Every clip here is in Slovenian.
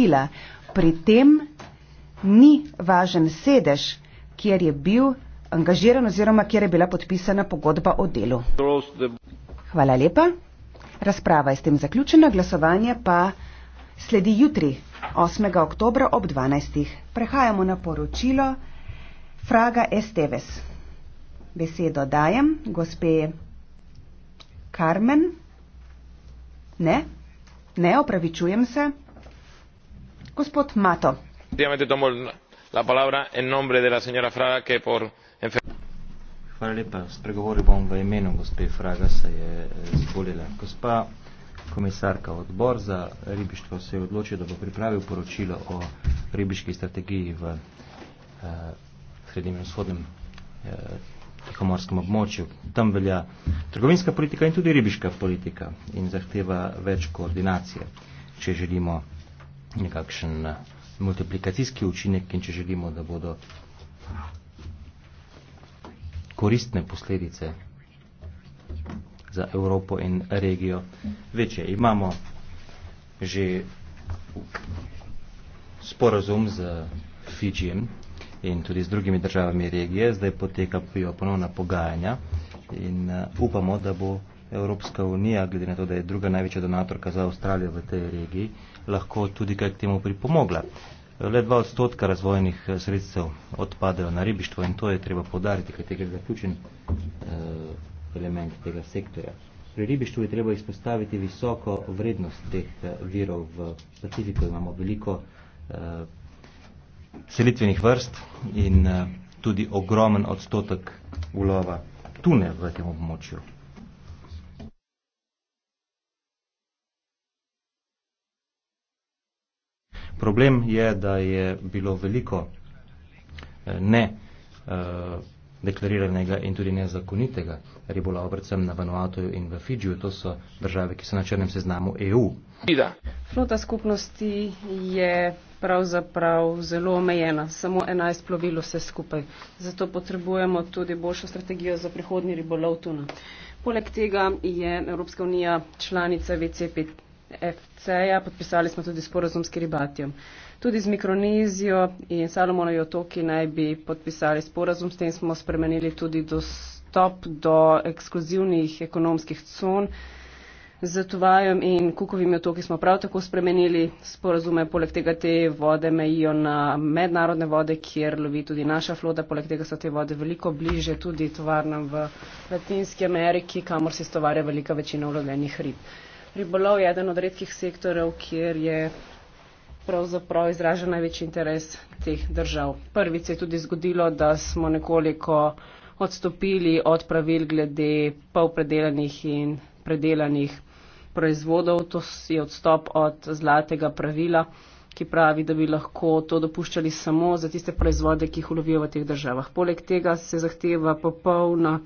dela. Pri tem ni važen sedež, kjer je bil angažiran oziroma kjer je bila podpisana pogodba o delu. Hvala lepa. Razprava je s tem zaključena, glasovanje pa sledi jutri, 8. oktober ob 12. Prehajamo na poročilo Fraga Esteves. Besedo dajem gospe Carmen. Ne, ne, opravičujem se gospod mato spregovoril bom v imenu gospe fraga se je eh, zbolela gospa komisarka odbor za ribištvo se je odločil da bo pripravil poročilo o ribiški strategiji v eh, srednjem in vzhodnem eh, tihomorskem območju tam velja trgovinska politika in tudi ribiška politika in zahteva več koordinacije če želimo nekakšen eh, multiplikacijski učinek in če želimo, da bodo koristne posledice za Evropo in regijo večje. Imamo že sporazum z Fidžijem in tudi z drugimi državami regije, zdaj poteka ponovna pogajanja in eh, upamo, da bo Evropska unija, glede na to, da je druga največja donatorka za Avstralijo v tej regiji, lahko tudi kaj k temu pripomogla. Le dva odstotka razvojnih eh, sredstev odpadajo na ribištvo in to je treba podariti, kaj tega je zaključen eh, element tega sektorja. Pri ribištvu je treba izpostaviti visoko vrednost teh eh, virov v Pacifiku. Imamo veliko eh, selitvenih vrst in eh, tudi ogromen odstotek ulova tune v tem območju. Problem je, da je bilo veliko eh, ne eh, deklariranega in tudi nezakonitega ribolova, predvsem na Vanuatu in v Fidžiju. To so države, ki so na črnem seznamu EU. Ida. Flota skupnosti je pravzaprav zelo omejena, samo 11 plovilo vse skupaj. Zato potrebujemo tudi boljšo strategijo za prihodnji ribolov tuna. Poleg tega je Evropska unija članica VCP FC-ja, podpisali smo tudi sporozum s Kiribatijo. Tudi z Mikronizijo in Salomonovi otoki naj bi podpisali sporazum, s tem smo spremenili tudi dostop do ekskluzivnih ekonomskih con. Z Tuvajem in Kukovimi otoki smo prav tako spremenili sporazume, poleg tega te vode mejijo na mednarodne vode, kjer lovi tudi naša floda, poleg tega so te vode veliko bliže tudi tovarnam v Latinski Ameriki, kamor se stovarja velika večina ulovljenih rib ribolov je eden od redkih sektorov, kjer je pravzaprav izražen največji interes teh držav. Prvič je tudi zgodilo, da smo nekoliko odstopili od pravil glede polpredelanih in predelanih proizvodov. To je odstop od zlatega pravila, ki pravi, da bi lahko to dopuščali samo za tiste proizvode, ki jih ulovijo v teh državah. Poleg tega se zahteva popolna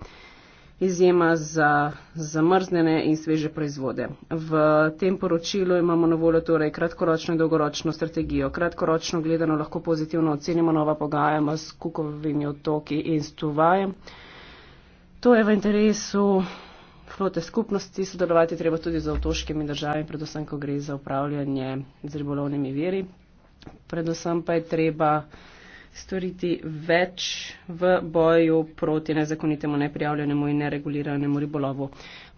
izjema za zamrznjene in sveže proizvode. V tem poročilu imamo na voljo torej kratkoročno in dolgoročno strategijo. Kratkoročno gledano lahko pozitivno ocenimo nova pogajanja s kukovimi otoki in s tuvajem. To je v interesu flote skupnosti, sodelovati treba tudi z otoškimi državami, predvsem, ko gre za upravljanje z ribolovnimi veri. Predvsem pa je treba storiti več v boju proti nezakonitemu, neprijavljenemu in nereguliranemu ribolovu.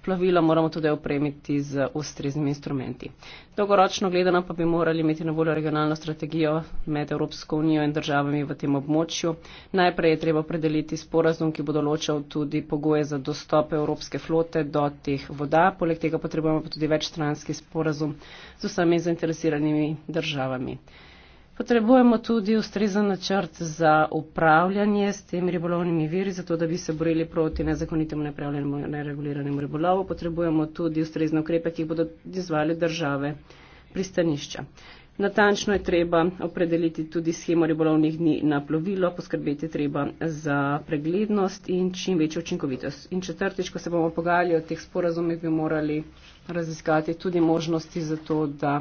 Plavilo moramo tudi opremiti z ustreznimi instrumenti. Dolgoročno gledano pa bi morali imeti na voljo regionalno strategijo med Evropsko unijo in državami v tem območju. Najprej je treba predeliti sporazum, ki bo določal tudi pogoje za dostop Evropske flote do teh voda. Poleg tega potrebujemo pa tudi večstranski sporazum z vsemi zainteresiranimi državami. Potrebujemo tudi ustrezen načrt za upravljanje s tem ribolovnimi viri, zato da bi se borili proti nezakonitemu, nepravljenemu, nereguliranemu ribolovu. Potrebujemo tudi ustrezne ukrepe, ki jih bodo izvali države pristanišča. Natančno je treba opredeliti tudi schemo ribolovnih dni na plovilo, poskrbeti treba za preglednost in čim večjo učinkovitost. In četrtič, ko se bomo pogajali o teh sporazumih, bi morali raziskati tudi možnosti za to, da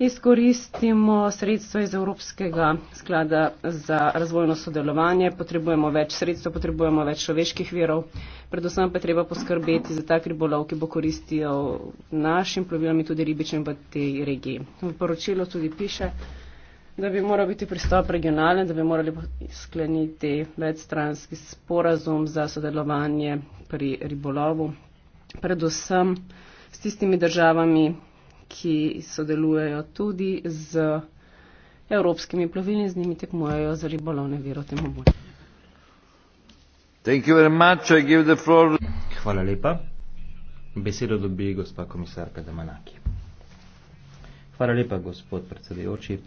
izkoristimo sredstva iz Evropskega sklada za razvojno sodelovanje, potrebujemo več sredstva, potrebujemo več človeških virov, predvsem pa treba poskrbeti za tak ribolov, ki bo koristil našim plovilom in tudi ribičem v tej regiji. V poročilu tudi piše, da bi moral biti pristop regionalen, da bi morali skleniti večstranski sporazum za sodelovanje pri ribolovu, predvsem s tistimi državami, ki sodelujejo tudi z evropskimi plovili in z njimi tekmujejo za ribolovne viro temu bolje. Hvala lepa. Besedo dobi gospa komisarka Damanaki. Hvala lepa, gospod predsedujoči.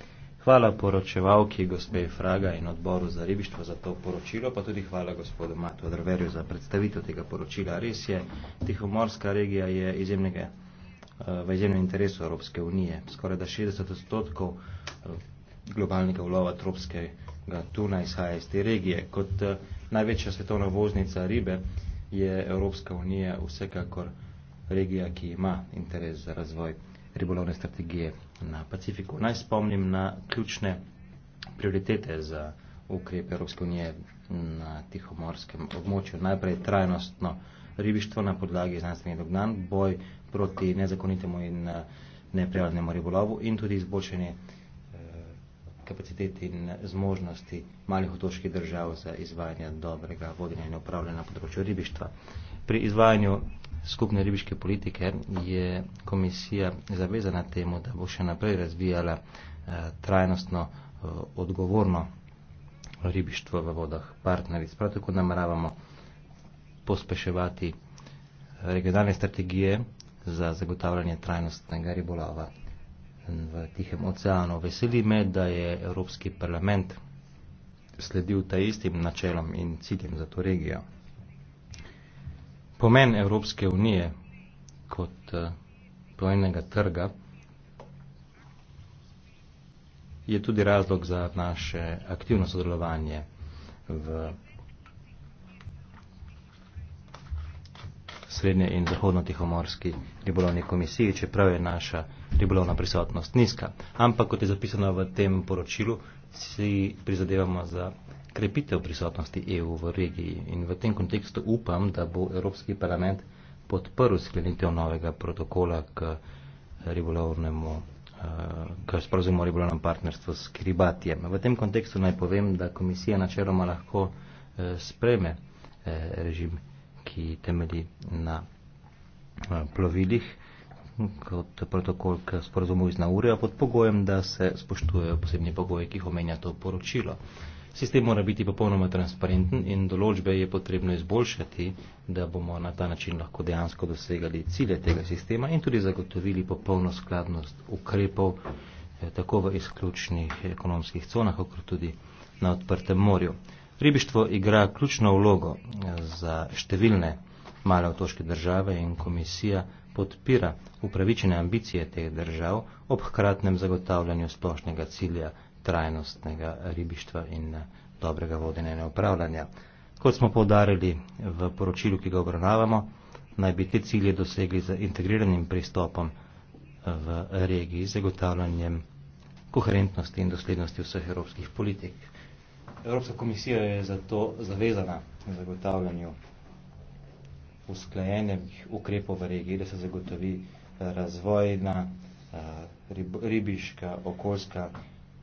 Hvala poročevalki gospe Fraga in odboru za ribištvo za to poročilo, pa tudi hvala gospodu Matu Adraverju za predstavitev tega poročila. Res je, Tihomorska regija je izjemnega v izjemnem interesu Evropske unije. Skoraj da 60 odstotkov eh, globalnega ulova tropskega tuna izhaja iz te regije. Kot eh, največja svetovna voznica ribe je Evropska unija vsekakor regija, ki ima interes za razvoj ribolovne strategije na Pacifiku. Naj spomnim na ključne prioritete za ukrepe Evropske unije na tihomorskem območju. Najprej trajnostno ribištvo na podlagi znanstvenih dognanj, boj proti nezakonitemu in eh, neprijavljenemu ribolovu in tudi izboljšanje eh, kapacitet in zmožnosti malih otoških držav za izvajanje dobrega vodenja in upravljanja na področju ribištva. Pri izvajanju skupne ribiške politike je komisija zavezana temu, da bo še naprej razvijala eh, trajnostno odgovorno ribištvo v vodah partneric. Prav tako nameravamo pospeševati regionalne strategije za zagotavljanje trajnostnega ribolova v Tihem oceanu. Veseli me, da je Evropski parlament sledil ta istim načelom in ciljem za to regijo. Pomen Evropske unije kot plojnega eh, trga je tudi razlog za naše aktivno sodelovanje v srednje in zahodno-tihomorski ribolovni komisiji, čeprav je naša ribolovna prisotnost nizka. Ampak, kot je zapisano v tem poročilu, si prizadevamo za krepitev prisotnosti EU v regiji in v tem kontekstu upam, da bo Evropski parlament podprl sklenitev novega protokola k ribolovnemu eh, k sporozumu o ribolovnem partnerstvu s Kribatijem. V tem kontekstu naj povem, da komisija načeloma lahko eh, sprejme eh, režim ki temelji na plovilih kot protokol k sporozumu iz Naurja pod pogojem, da se spoštujejo posebni pogoji, ki jih omenja to poročilo. Sistem mora biti popolnoma transparenten in določbe je potrebno izboljšati, da bomo na ta način lahko dejansko dosegali cilje tega sistema in tudi zagotovili popolno skladnost ukrepov eh, tako v izključnih ekonomskih conah, kot tudi na odprtem morju. Ribištvo igra ključno vlogo za številne male otoške države in komisija podpira upravičene ambicije teh držav ob hkratnem zagotavljanju splošnega cilja trajnostnega ribištva in eh, dobrega vodenja in upravljanja. Kot smo povdarili v poročilu, ki ga obravnavamo, naj bi te cilje dosegli z integriranim pristopom eh, v regiji, zagotavljanjem koherentnosti in doslednosti vseh evropskih politik. Evropska komisija je zato zavezana zagotavljanju usklajenih ukrepov v regiji, da se zagotovi eh, razvojna, eh, ribiška, okoljska,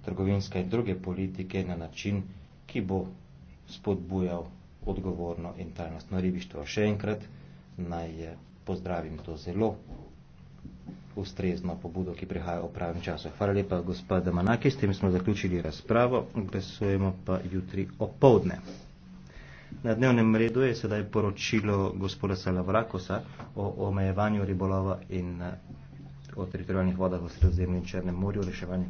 trgovinska in druge politike na način, ki bo spodbujal odgovorno in trajnostno ribištvo. Še enkrat naj eh, pozdravim to zelo ustrezno pobudo, ki prihaja v pravem času. Hvala lepa, gospod Damanaki, s tem smo zaključili razpravo, glasujemo pa jutri opovdne. Na dnevnem redu je sedaj poročilo gospoda Salavrakosa o omejevanju ribolova in eh, o teritorijalnih vodah v Sredozemlju in Črnem morju, reševanju